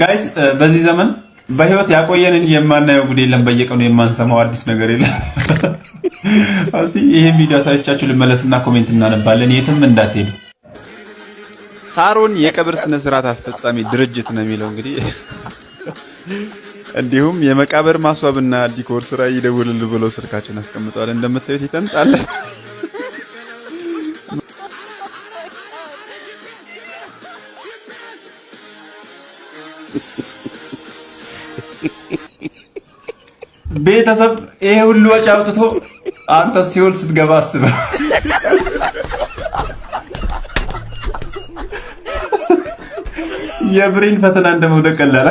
ጋይስ uh, በዚህ ዘመን በህይወት ያቆየን እንጂ የማናየው ጉድ የለም። በየቀኑ የማንሰማው አዲስ ነገር የለም። እስቲ ይሄን ቪዲዮ አሳይቻችሁ ልመለስና ኮሜንት እናነባለን። የትም እንዳትሄዱ። ሳሮን የቀብር ስነ ስርዓት አስፈጻሚ ድርጅት ነው የሚለው እንግዲህ እንዲሁም የመቃብር ማስዋብና ዲኮር ስራ ይደውልል ብለው ስልካቸውን አስቀምጠዋል። እንደምታዩት ይጠምጣል። ቤተሰብ ይሄ ሁሉ ወጪ አውጥቶ አንተ ሲኦል ስትገባ አስበህ የብሬን ፈተና እንደመውደቅ ቀላል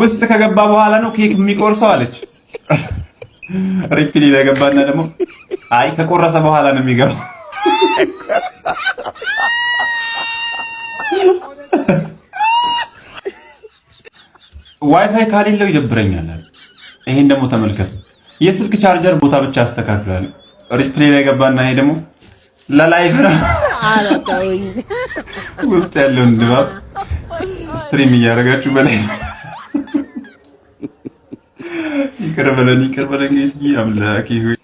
ውስጥ ከገባ በኋላ ነው ኬክ የሚቆርሰው አለች። ሪፕሊ ለገባና ደግሞ አይ ከቆረሰ በኋላ ነው የሚገባው። ዋይፋይ ካሌለው ይደብረኛል። ይሄን ደግሞ ተመልከቱ። የስልክ ቻርጀር ቦታ ብቻ አስተካክሏል። ሪፕሌይ ላይ ገባና ይሄ ደግሞ ለላይቭ ነው ውስጥ ያለውን ድባብ ስትሪም እያደረጋችሁ በላይ ይቅር በለን ይቅር በለን። ጌትዬ አምላኬ ሆይ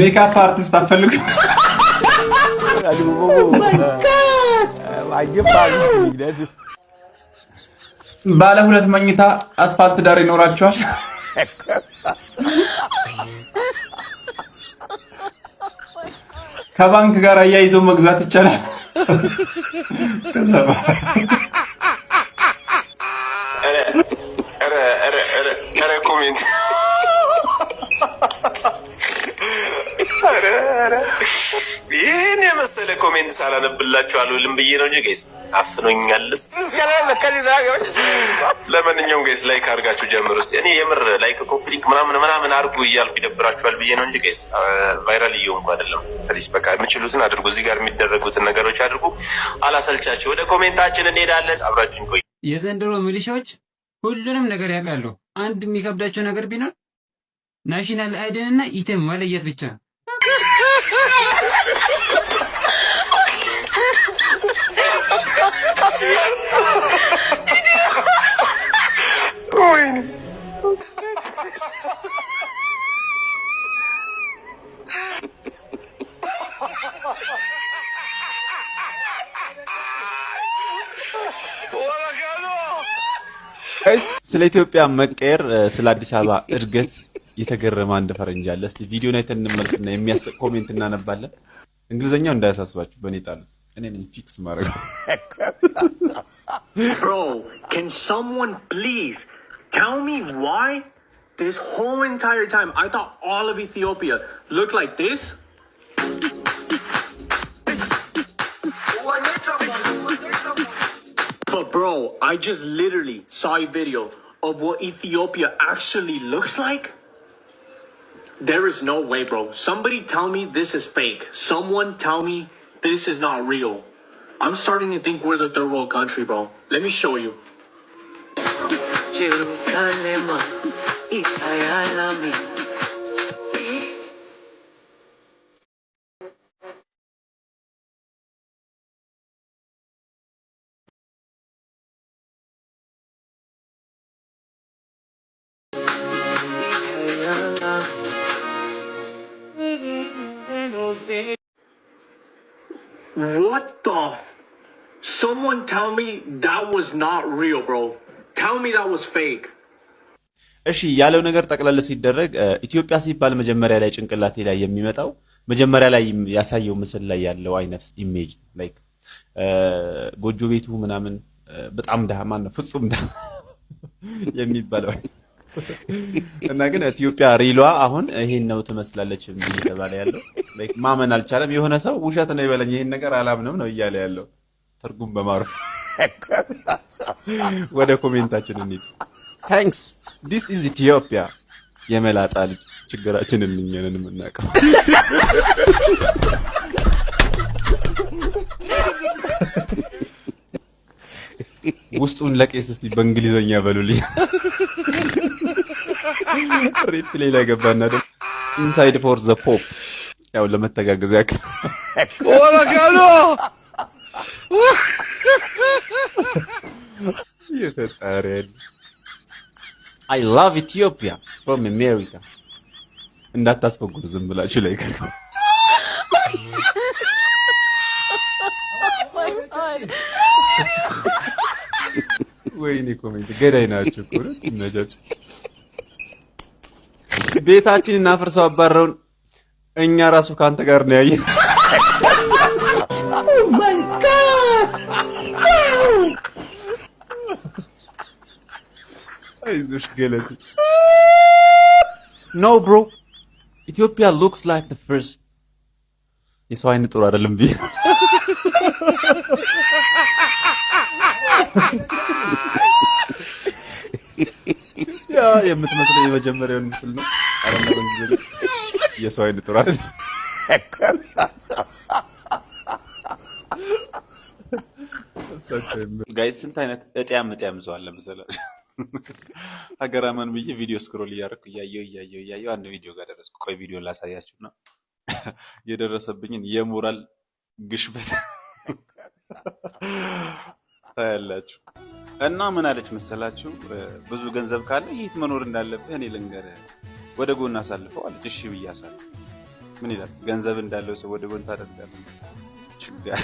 ሜካፕ አርቲስት አፈልጉ። oh ባለ ሁለት መኝታ አስፋልት ዳር ይኖራቸዋል። ከባንክ ጋር አያይዞ መግዛት ይቻላል። ይህን የመሰለ ኮሜንት ሳላነብላችሁ አሉ ልም ብዬ ነው እንጂ ጌስ አፍኖኛልስ። ለማንኛውም ጌስ ላይክ አድርጋችሁ ጀምር ውስጥ እኔ የምር ላይክ ኮፕሊንክ ምናምን ምናምን አድርጉ እያልኩ ይደብራችኋል ብዬ ነው እንጂ ጌስ ቫይራል እየሆንኩ አይደለም። ፕሊስ በቃ የምችሉትን አድርጉ፣ እዚህ ጋር የሚደረጉትን ነገሮች አድርጉ። አላሰልቻችሁ። ወደ ኮሜንታችን እንሄዳለን። አብራችን ቆይ። የዘንድሮ ሚሊሻዎች ሁሉንም ነገር ያውቃሉ። አንድ የሚከብዳቸው ነገር ቢኖር ናሽናል አይደንና ኢቴም መለየት ብቻ ነው። ስለ ኢትዮጵያ መቀየር ስለ አዲስ አበባ እድገት የተገረመ አንድ ፈረንጅ አለ። እስቲ ቪዲዮን አይተን እንመልስና የሚያስቅ ኮሜንት እናነባለን። እንግሊዝኛው እንዳያሳስባችሁ በእኔ ጣሉት። እኔ ነኝ ፊክስ ማድረግ This whole entire time, I thought all of Ethiopia looked like this. But bro, I just literally saw a video of what Ethiopia actually looks like. There is no way, bro. Somebody tell me this is fake. Someone tell me this is not real. I'm starting to think we're the third world country, bro. Let me show you. Jerusalem, What the? F- Someone tell me that was not real, bro. Tell me that was fake. እሺ ያለው ነገር ጠቅላላ ሲደረግ ኢትዮጵያ ሲባል መጀመሪያ ላይ ጭንቅላቴ ላይ የሚመጣው መጀመሪያ ላይ ያሳየው ምስል ላይ ያለው አይነት ኢሜጅ ላይክ ጎጆ ቤቱ ምናምን በጣም ደሃ ማን ነው ፍጹም ደሃ የሚባለው እና ግን ኢትዮጵያ ሪሏ አሁን ይሄን ነው ትመስላለች እየተባለ ያለው ማመን አልቻለም። የሆነ ሰው ውሸት ነው ይበለኝ፣ ይህን ነገር አላምንም ነው እያለ ያለው ትርጉም በማረፍ ወደ ኮሜንታችን እንሂድ። ታንክስ ዲስ ኢዝ ኢትዮጵያ። የመላጣ ልጅ ችግራችን እንኛንን የምናውቀው ውስጡን ለቄስ እስቲ በእንግሊዘኛ በሉልኝ። ሬፕ ሌላ ገባና ደግሞ ኢንሳይድ ፎር ዘ ፖፕ ያው ለመተጋገዝ ያክል ወራካሎ የተጣረል I love Ethiopia from America እንዳታስፈጉሩ ዝም ብላችሁ ላይ ከርከው ወይኔ ኮሜንት ገዳይ ናቸው እኮ ነጃችሁ አባረውን እኛ ራሱ ከአንተ ጋር ነው ያየ። ኖ ብሮ ኢትዮጵያ ሉክስ ላይክ ዘ ፈርስት የሰው አይነት ጥሩ አይደለም ብዬ ያ የምትመስለው የመጀመሪያውን ምስል ነው። የሰው አይን ጥሩ ጋይስ ስንት አይነት እጥያም እጥያም ሰው አለ መሰለህ። ሀገራመን ብዬ ቪዲዮ ስክሮል እያደረኩ እያየው እያየው እያየው አንድ ቪዲዮ ጋር ደረስኩ። ቆይ ቪዲዮ ላሳያችሁና የደረሰብኝን የሞራል ግሽበት ታያላችሁ። እና ምን አለች መሰላችሁ? ብዙ ገንዘብ ካለ የት መኖር እንዳለብህ እኔ ልንገርህ ወደ ጎን አሳልፈው አለች። እሺ ብዬ አሳልፈው ምን ይላል? ገንዘብ እንዳለው ሰው ወደ ጎን ታደርጋለህ። ችግር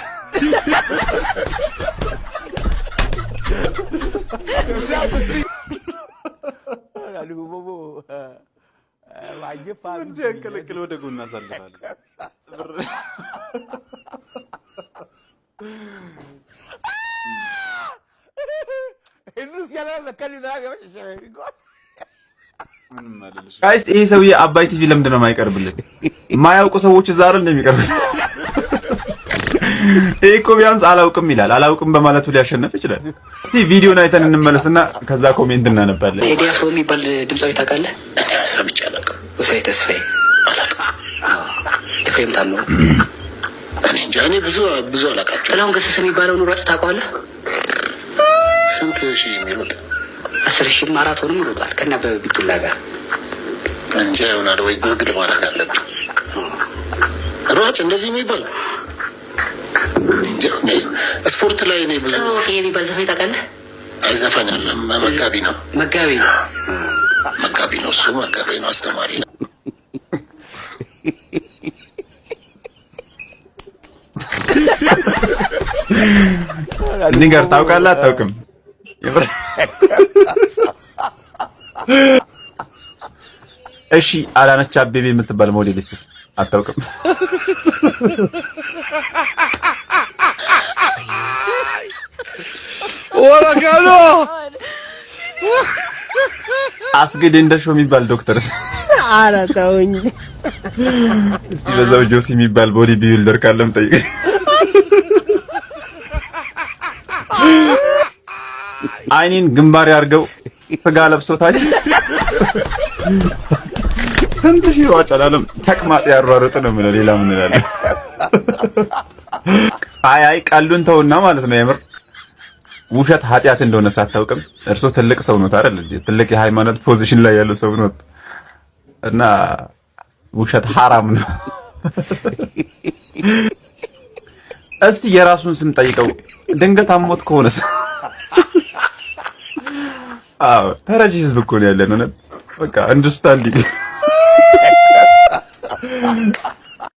ምን ሲያንቀለቅል ወደ ጎን አሳልፋለሁ። ጋይስ ይሄ ሰውዬ አባይ ቲቪ ለምንድን ነው የማይቀርብልን? የማያውቁ ሰዎች እዛ አይደል እንደሚቀርብልን። ይሄ እኮ ቢያንስ አላውቅም ይላል። አላውቅም በማለቱ ሊያሸነፍ ይችላል። እስቲ ቪዲዮን አይተን እንመለስና ከዛ ኮሜንት እናነባለን። ቴዲ የሚባል ድምጻዊ ታውቃለህ? ሰምቼ አላውቅም። ወሳይ ተስፋዬ አላውቅም። ኤፍሬም ታምሩ እኔ እንጃ። እኔ ብዙ ብዙ አላውቃቸውም። ጥላሁን ገሰሰ የሚባለውን ሯጭ ታውቀዋለህ? ስንት ሺህ የሚሉት አስር ሺህ ማራቶንም ሮጧል ከነ አበበ ቢቂላ ጋር እንጂ ይሆናል ወይ ጉግል ማድረግ አለብን። ሯጭ እንደዚህ የሚባል ስፖርት ላይ እኔ ብዙ የሚባል ዘፋኝ ታውቃለህ? አይዘፋኝ አለ መጋቢ ነው መጋቢ ነው መጋቢ ነው እሱ መጋቢ ነው አስተማሪ ነው። እዚህ ጋር ታውቃለህ አታውቅም? እሺ አዳነች አቤቤ የምትባል ሞዴሊስትስ አታውቅም? ወረቀሉ አስገድ እንደሾ የሚባል ዶክተር ኧረ ተውኝ። እስቲ በዛው ጆሲ የሚባል ቦዲ ቢልደር ካለም ጠይቀኝ። አይኔን ግንባር ያርገው ስጋ ለብሶታል። ስንት ሺህ ይሯጫል አለም ተቅማጥ ያሯሩጥ ነው የምለው። ሌላ ምን እላለሁ? አይ አይ ቀሉን ተውና ማለት ነው የምር ውሸት ኃጢአት እንደሆነ ሳታውቅም እርሶ ትልቅ ሰው ኖት አይደል እንዴ? ትልቅ የሃይማኖት ፖዚሽን ላይ ያለው ሰው ነው እና ውሸት ሐራም ነው። እስቲ የራሱን ስም ጠይቀው ድንገት አሞት ከሆነ አዎ ተረጂ ህዝብ እኮ ነው ያለነው። በቃ አንደርስታንዲንግ